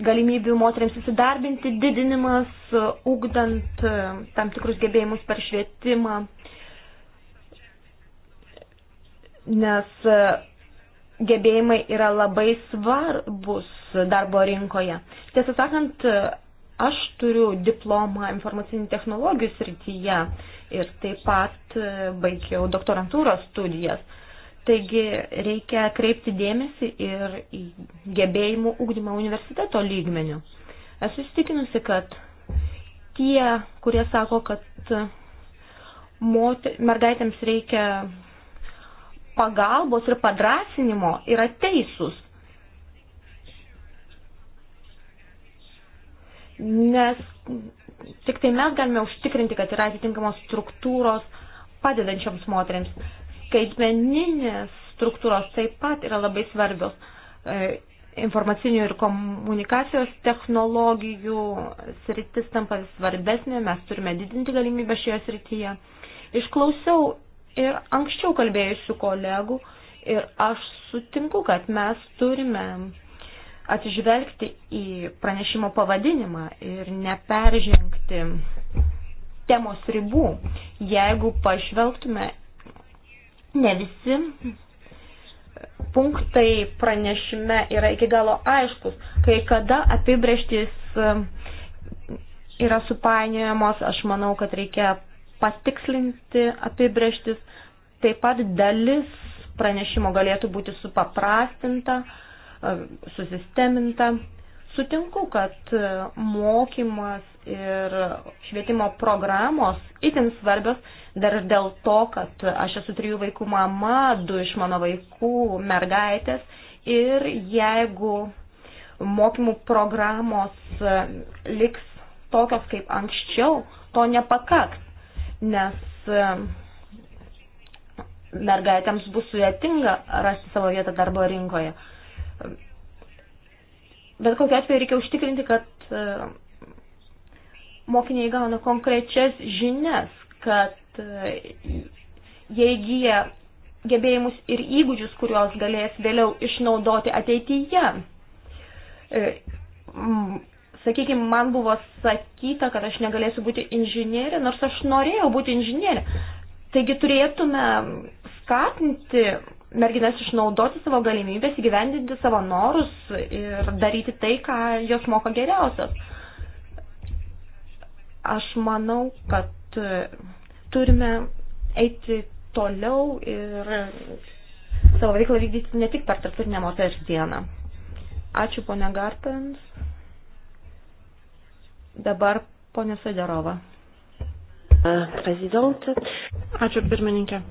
galimybių moteriams įsidarbinti didinimas, ugdant e, tam tikrus gebėjimus per švietimą, nes e, gebėjimai yra labai svarbus darbo rinkoje. Tiesą sakant, e, aš turiu diplomą informacinių technologijų srityje ir taip pat baigiau doktorantūros studijas. Taigi reikia kreipti dėmesį ir į gebėjimų ugdymą universiteto lygmenių. Esu įstikinusi, kad tie, kurie sako, kad moter, mergaitėms reikia pagalbos ir padrasinimo, yra teisūs. Nes tik tai mes galime užtikrinti, kad yra atitinkamos struktūros padedančioms moteriams skaitmeninės struktūros taip pat yra labai svarbios e, informacinių ir komunikacijos technologijų sritis tampa vis svarbesnė, mes turime didinti galimybę šioje srityje. Išklausiau ir anksčiau kalbėjusių kolegų ir aš sutinku, kad mes turime atsižvelgti į pranešimo pavadinimą ir neperžengti temos ribų. Jeigu pažvelgtume Ne visi punktai pranešime yra iki galo aiškus. Kai kada apibrėžtys e, yra supainiojamos, aš manau, kad reikia patikslinti apibrėžtis. Taip pat dalis pranešimo galėtų būti supaprastinta, e, susisteminta. Sutinku, kad e, mokymas ir švietimo programos itin svarbios dar ir dėl to, kad aš esu trijų vaikų mama, du iš mano vaikų mergaitės ir jeigu mokymų programos e, liks tokios kaip anksčiau, to nepakaks, nes e, mergaitėms bus sudėtinga rasti savo vietą darbo rinkoje. Bet kokiu atveju reikia užtikrinti, kad e, mokiniai gauna konkrečias žinias, kad e, jie įgyja gebėjimus ir įgūdžius, kuriuos galės vėliau išnaudoti ateityje. E, sakykime, man buvo sakyta, kad aš negalėsiu būti inžinierė, nors aš norėjau būti inžinierė. Taigi turėtume skatinti merginas išnaudoti savo galimybės, įgyvendinti savo norus ir daryti tai, ką jos moka geriausias. Aš manau, kad e, turime eiti toliau ir savo veiklą vykdyti ne tik per tarptautinę moters dieną. Ačiū, ponia Gartens. Dabar ponia Sederova. Prezidentė. Ačiū, pirmininkė.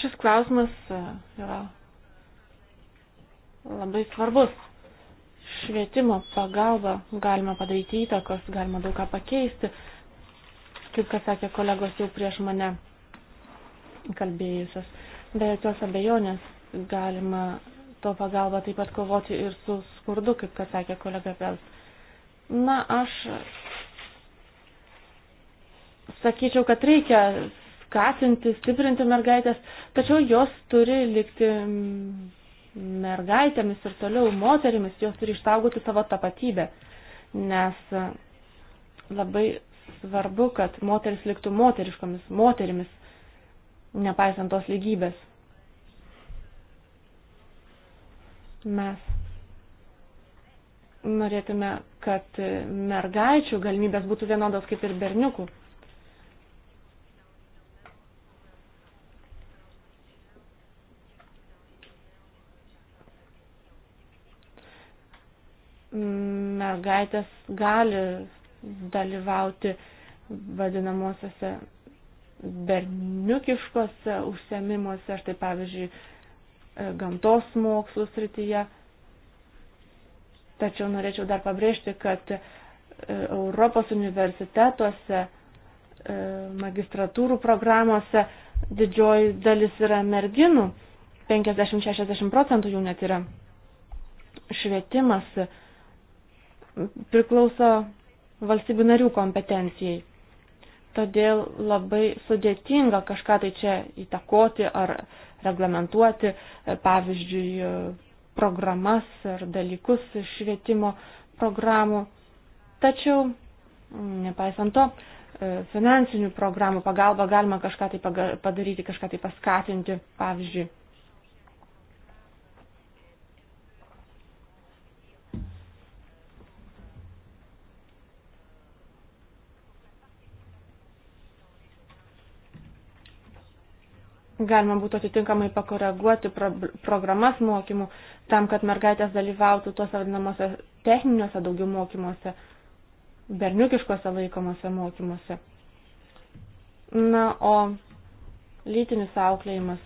Šis klausimas e, yra labai svarbus. Švietimo pagalba galima padaryti įtakos, galima daug ką pakeisti, kaip kas sakė kolegos jau prieš mane kalbėjusios. Be jokios abejonės galima to pagalba taip pat kovoti ir su skurdu, kaip kad sakė kolega Pels. Na, aš sakyčiau, kad reikia skatinti, stiprinti mergaitės, tačiau jos turi likti mergaitėmis ir toliau moterimis, jos turi ištaugoti savo tapatybę, nes labai svarbu, kad moteris liktų moteriškomis, moterimis, nepaisant tos lygybės. Mes norėtume, kad mergaičių galimybės būtų vienodos kaip ir berniukų. mergaitės gali dalyvauti vadinamosiose berniukiškose užsiemimuose, štai pavyzdžiui, e, gamtos mokslų srityje. Tačiau norėčiau dar pabrėžti, kad e, Europos universitetuose e, magistratūrų programuose didžioji dalis yra merginų, 50-60 procentų jų net yra. Švietimas priklauso valstybių narių kompetencijai. Todėl labai sudėtinga kažką tai čia įtakoti ar reglamentuoti, pavyzdžiui, programas ar dalykus švietimo programų. Tačiau, nepaisant to, finansinių programų pagalba galima kažką tai padaryti, kažką tai paskatinti, pavyzdžiui. Galima būtų atitinkamai pakoreguoti pro, programas mokymų tam, kad mergaitės dalyvautų tuose vadinamuose techniniuose daugiau mokymuose, berniukiškuose laikomuose mokymuose. Na, o lytinis auklėjimas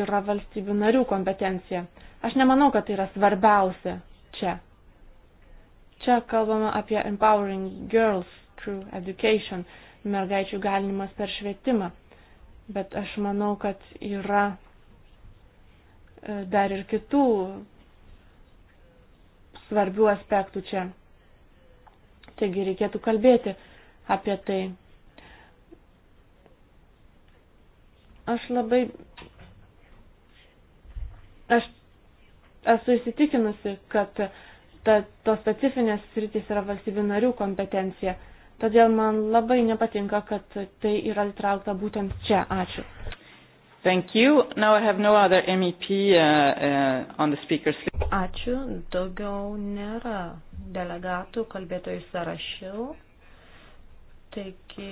yra valstybių narių kompetencija. Aš nemanau, kad tai yra svarbiausia čia. Čia kalbama apie empowering girls through education. Uh, mergaičių galinimas per švietimą. Bet aš manau, kad yra e, dar ir kitų svarbių aspektų čia. Taigi reikėtų kalbėti apie tai. Aš labai. Aš esu įsitikinusi, kad ta, tos specifinės sritys yra valstybių narių kompetencija. Todėl man labai nepatinka, kad tai yra įtraukta būtent čia. Ačiū. Thank you. Now I have no other MEP uh, uh, on the speaker's list. Ačiū. Daugiau nėra delegatų kalbėtojų sąrašiau. Taigi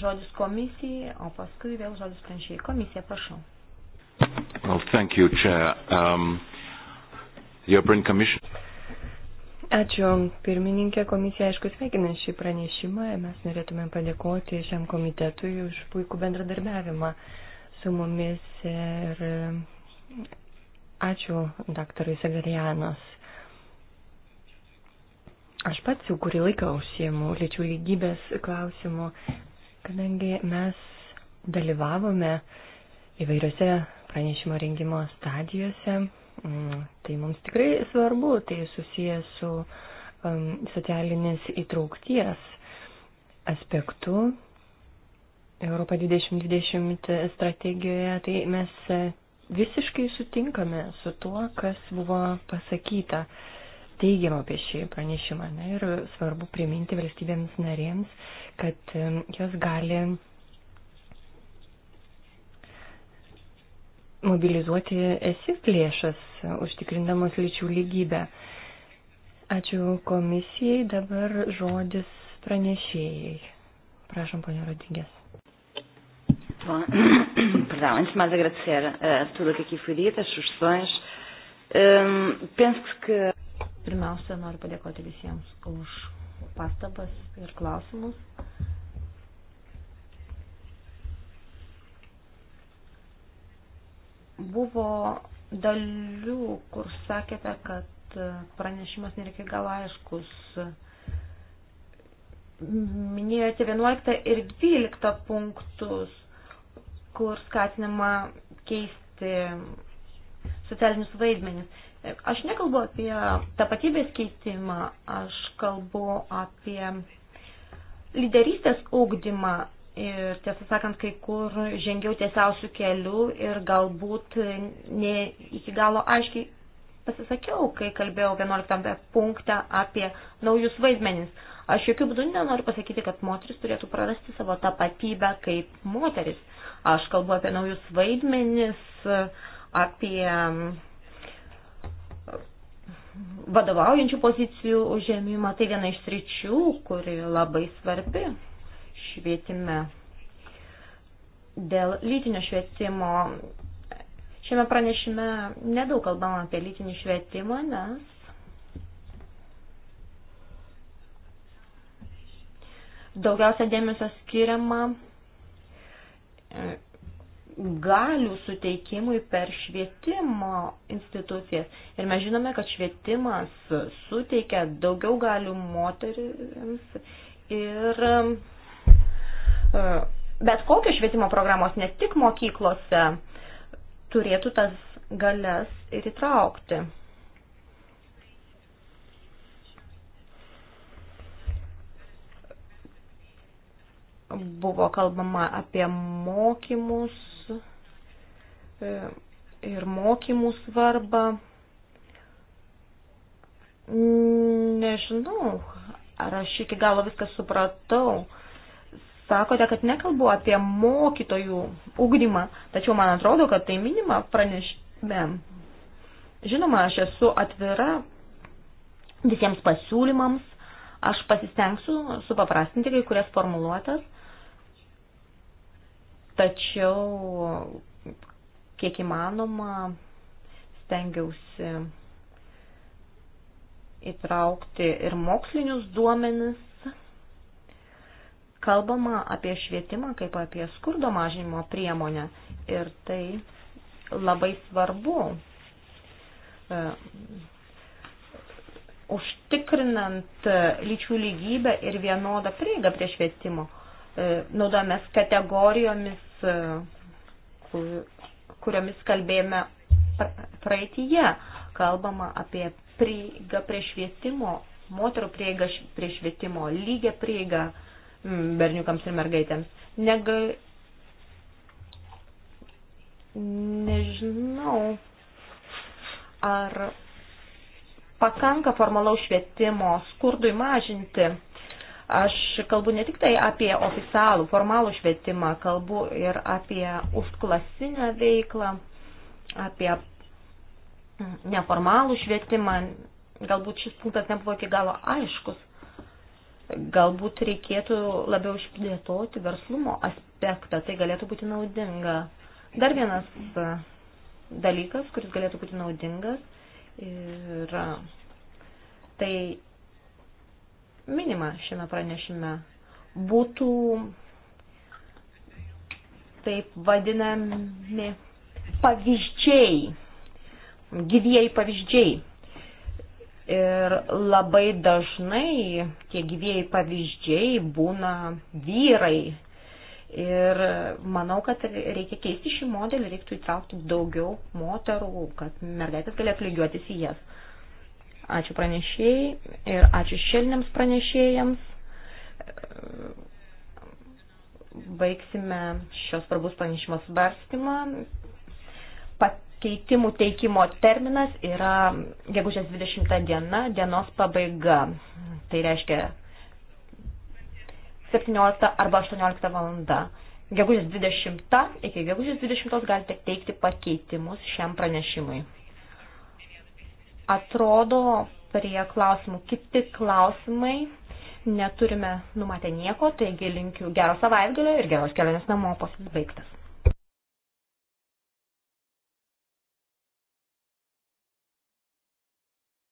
žodis komisijai, o paskui vėl žodis pranešėjai. Komisija, prašau. Well, thank you, Chair. Um, the European Commission. Ačiū pirmininkė, komisija aišku sveikina šį pranešimą ir mes norėtume padėkoti šiam komitetui už puikų bendradarbiavimą su mumis ir ačiū daktarui Sagarianos. Aš pats jau kurį laiką užsiemu lyčių lygybės klausimų, kadangi mes dalyvavome įvairiose pranešimo rengimo stadijose Mm, tai mums tikrai svarbu, tai susijęs su um, socialinės įtraukties aspektu. Europa 2020 strategijoje, tai mes e, visiškai sutinkame su tuo, kas buvo pasakyta teigiama apie šį pranešimą. Na, ir svarbu priminti valstybėms narėms, kad e, jos gali mobilizuoti esis lėšas, užtikrindamos lyčių lygybę. Ačiū komisijai, dabar žodis pranešėjai. Prašom, ponio Rodingės. (clears throat) Perdão, antes de mais agradecer a eh, tudo o que aqui foi dito, as sugestões. Um, penso que. Pirmiausia, noriu padėkoti visiems už pastabas ir klausimus. Buvo dalių, kur sakėte, kad pranešimas nėra iki galo aiškus. Minėjote 11 ir 12 punktus, kur skatinama keisti socialinius vaidmenis. Aš nekalbu apie tapatybės keitimą, aš kalbu apie lyderystės ūkdymą Ir tiesą sakant, kai kur žengiau tiesiausių kelių ir galbūt ne iki galo aiškiai pasisakiau, kai kalbėjau 11 punktą apie naujus vaidmenis. Aš jokių būdų nenoriu pasakyti, kad moteris turėtų prarasti savo tapatybę kaip moteris. Aš kalbu apie naujus vaidmenis, apie mm, vadovaujančių pozicijų užėmimą. Tai viena iš sričių, kuri labai svarbi švietime. Dėl lytinio švietimo šiame pranešime nedaug kalbama apie lytinį švietimą, nes daugiausia dėmesio skiriama e, galių suteikimui per švietimo institucijas. Ir mes žinome, kad švietimas suteikia daugiau galių moterims ir bet kokios švietimo programos, ne tik mokyklose, turėtų tas galės ir įtraukti. Buvo kalbama apie mokymus e, ir mokymų svarbą. Nežinau, ar aš iki galo viską supratau sakote, kad nekalbu apie mokytojų ugdymą, tačiau man atrodo, kad tai minima pranešime. Žinoma, aš esu atvira visiems pasiūlymams, aš pasistengsiu supaprastinti kai kurias formuluotas, tačiau kiek įmanoma stengiausi įtraukti ir mokslinius duomenis kalbama apie švietimą kaip apie skurdo mažinimo priemonę ir tai labai svarbu e, užtikrinant e, lyčių lygybę ir vienodą prieigą prie švietimo. E, Naudojamės kategorijomis, kuriomis kalbėjome praeityje. Kalbama apie prieigą prie švietimo, moterų prieigą prie švietimo, lygę prieigą berniukams ir mergaitėms. Nega... Nežinau, ar pakanka formalaus švietimo skurdui mažinti. Aš kalbu ne tik tai apie oficialų, formalų švietimą, kalbu ir apie užklasinę veiklą, apie neformalų švietimą. Galbūt šis punktas nebuvo iki galo aiškus. Galbūt reikėtų labiau išplėtoti verslumo aspektą, tai galėtų būti naudinga. Dar vienas dalykas, kuris galėtų būti naudingas, yra tai minima šiame pranešime būtų taip vadinami pavyzdžiai, gyvieji pavyzdžiai. Ir labai dažnai tie gyvėjai pavyzdžiai būna vyrai. Ir manau, kad reikia keisti šį modelį, reiktų įtraukti daugiau moterų, kad mergaitės galėtų lygiuotis į jas. Ačiū pranešėjai ir ačiū šelniams pranešėjams. Baigsime šios svarbus pranešimo svarstymą. Pat Pakeitimų teikimo terminas yra gegužės 20 diena, dienos pabaiga. Tai reiškia 17 arba 18 valanda. Gegužės 20 iki gegužės 20 galite teikti pakeitimus šiam pranešimui. Atrodo, prie klausimų kiti klausimai neturime numatę nieko, taigi linkiu gero savaitgalio ir geros kelionės namo posėdis baigtas.